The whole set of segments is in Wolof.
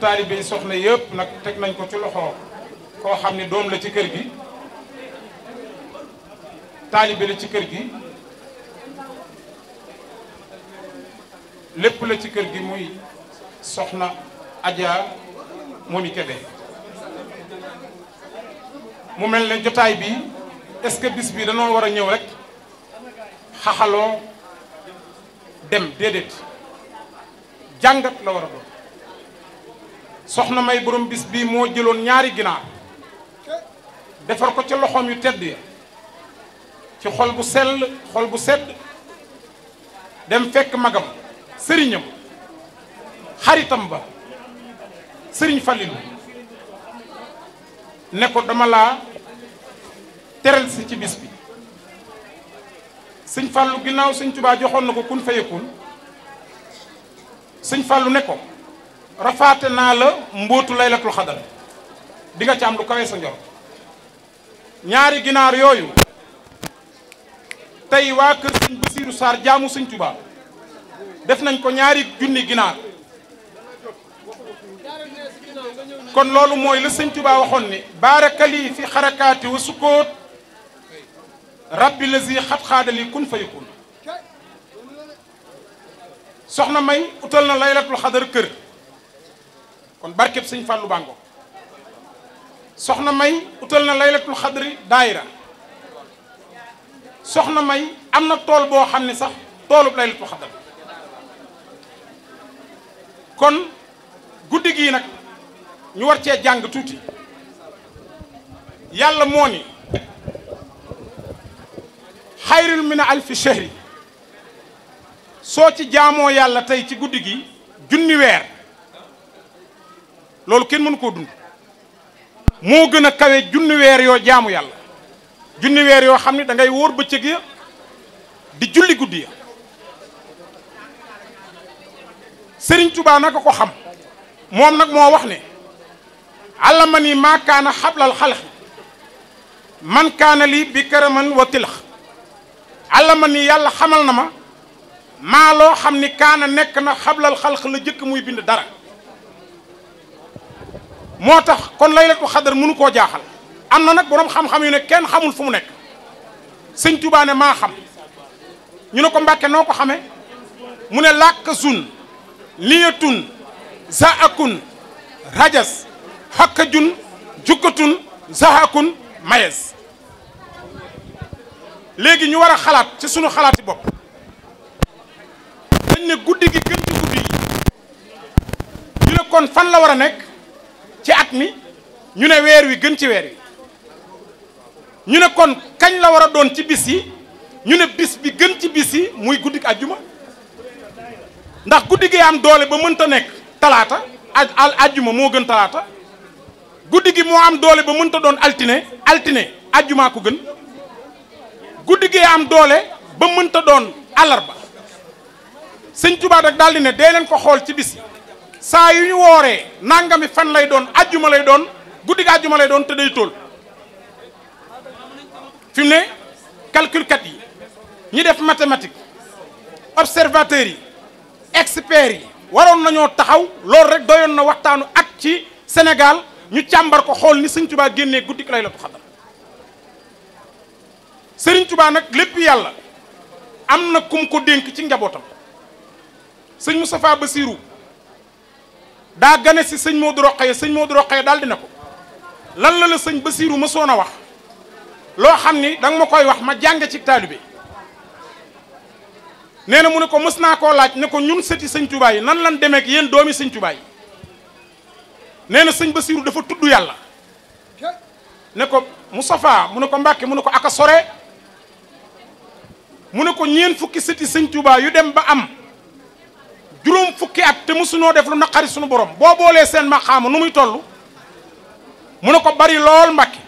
taalibe soxna yëpp nag teg nañ ko ci loxo koo xam ne doom la ci kër gi taalibe la ci kër gi lépp la ci kër gi muy soxna Adja Momi Kébé mu mel ne jotaay bi est bis bi danoo war a ñëw rek xaxaloo dem déedéet jàngat la war a doon soxna may borom bis bii moo jëloon ñaari ginaar defar ko ca loxoom yu tedd ya ci xol bu sell xol bu sedd dem fekk magam sëriñam xaritam ba sëriñ Falilu ne ko dama laa teral si ci bis bi sëñ Fàllu ginnaaw sëñ Tubaa joxoon na ko kun fayakun sëñ Fàllu ne ko rafaate naa la mbóotu lay xadar di nga ci am lu kawe sa njor ñaari ginaar yooyu tey waa kër sëñ Basiiru Sarr jaamu sëñ Tuubaa def nañ ko ñaari junni ginaar kon loolu mooy la sëñ Tuubaa waxoon ni baarakali fi xarakaati wa sukkoot rabbi lazi xat-xaadali kun fa yakun soxna may utal na laylatul xadar kër kon barkeb sëñ Fallou Bango soxna may utal na laylatul xadri daayira soxna may am na tool boo xam ne sax toolub laylatul xadri kon guddi gii nag ñu war cee jàng tuuti yàlla moo ni xayrun min alfi shahri soo ci jaamoo yàlla tey ci guddi gi junni weer loolu kenn mënu koo dund moo gën a kawe junni yoo jaamu yàlla junni yoo xam ne dangay wóor bëccëg ya di julli guddi ya sëriñ tubaa ko xam moom nag moo wax ne ma ni maa kaana xablal xalax man kaana lii bi këraman wa tilax ma ni yàlla xamal na ma maa loo xam ni kaana nekk na xablal xalax la jëkk muy bind dara moo tax kon lay laylatu xadar mënu koo jaaxal am na nag boroom xam-xam yu ne kenn xamul fu mu nekk sëñ Tuubaa ne maa xam ñu ne ko Mbàkke noo ko xamee mu ne làkk sun liyatun zaakun rajas jun jukkatun zahakun mayes léegi ñu war a xalaat ci sunu xalaati bopp dañ ne guddi gi gën guddi yi ñu ne kon fan la war a nekk ñu ne weer wi gën ci weer wi ñu ne kon kañ la war a doon ci bis yi ñu ne bis bi gën ci bis yi muy guddi ajjuma ndax guddi gi am doole ba mënta nekk talaata al ajjuma moo gën talaata guddi gi moo am doole ba mënta doon altine altine ajjuma ko gën guddi gi am ba mënta doon alarba sëñ Tuubaa nag daal ne dee leen ko xool ci bis yi saa yu ñu wooree mi fan lay doon ajjuma lay doon guddi gi ajjuma lay doon te day tool fi mu ne yi ñi def mathématique observateurs yi experts yi waroon nañoo taxaw loolu rek doyoon na waxtaanu at ci senegal ñu càmbar ko xool ni Sëñ Tubaa génne guddi gi lay la ko xadar Sëriñ Tubaa nag lépp yàlla am na kum ko dénk ci njabootam sëñ Moustapha Bassirou daa gane si sëñ Modou Rokhaya sëñ Modou Rokhaya daal dina ko lan la la sëñ Basiiru mësoon a wax loo xam ni danga ma koy wax ma jànge ci taalibe nee na mu ne ko mës naa koo laaj ne ko ñun sëti sëñ Tuubaa yi nan lan demeek yéen doomi sëñ Tuubaa yi na sëñ Basiiru dafa tudd yàlla ne ko mu sofaa mu ne ko Mbàkke mu ne ko aka sore mu ne ko ñeen fukki sëti sëñ Tuubaa yu dem ba am juróom fukki at te mosunoo def lu naqari sunu borom boo boolee seen maqaama nu muy tollu mu ne ko bari lool Mbàkke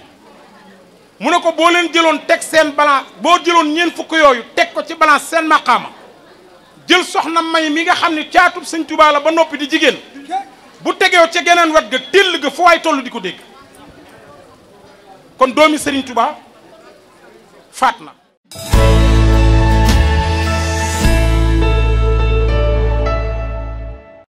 mu ne ko boo jëloon teg seen balance boo jëloon ñeent fukk yooyu teg ko ci balance seen maqaama jël soxna may mi nga xam ne caatub sëñ Tuubaa la ba noppi di jigéen bu tegee ca geneen wet ga téll ga fu waay toll di ko dégg kon doomi sëriñ Tuubaa faat na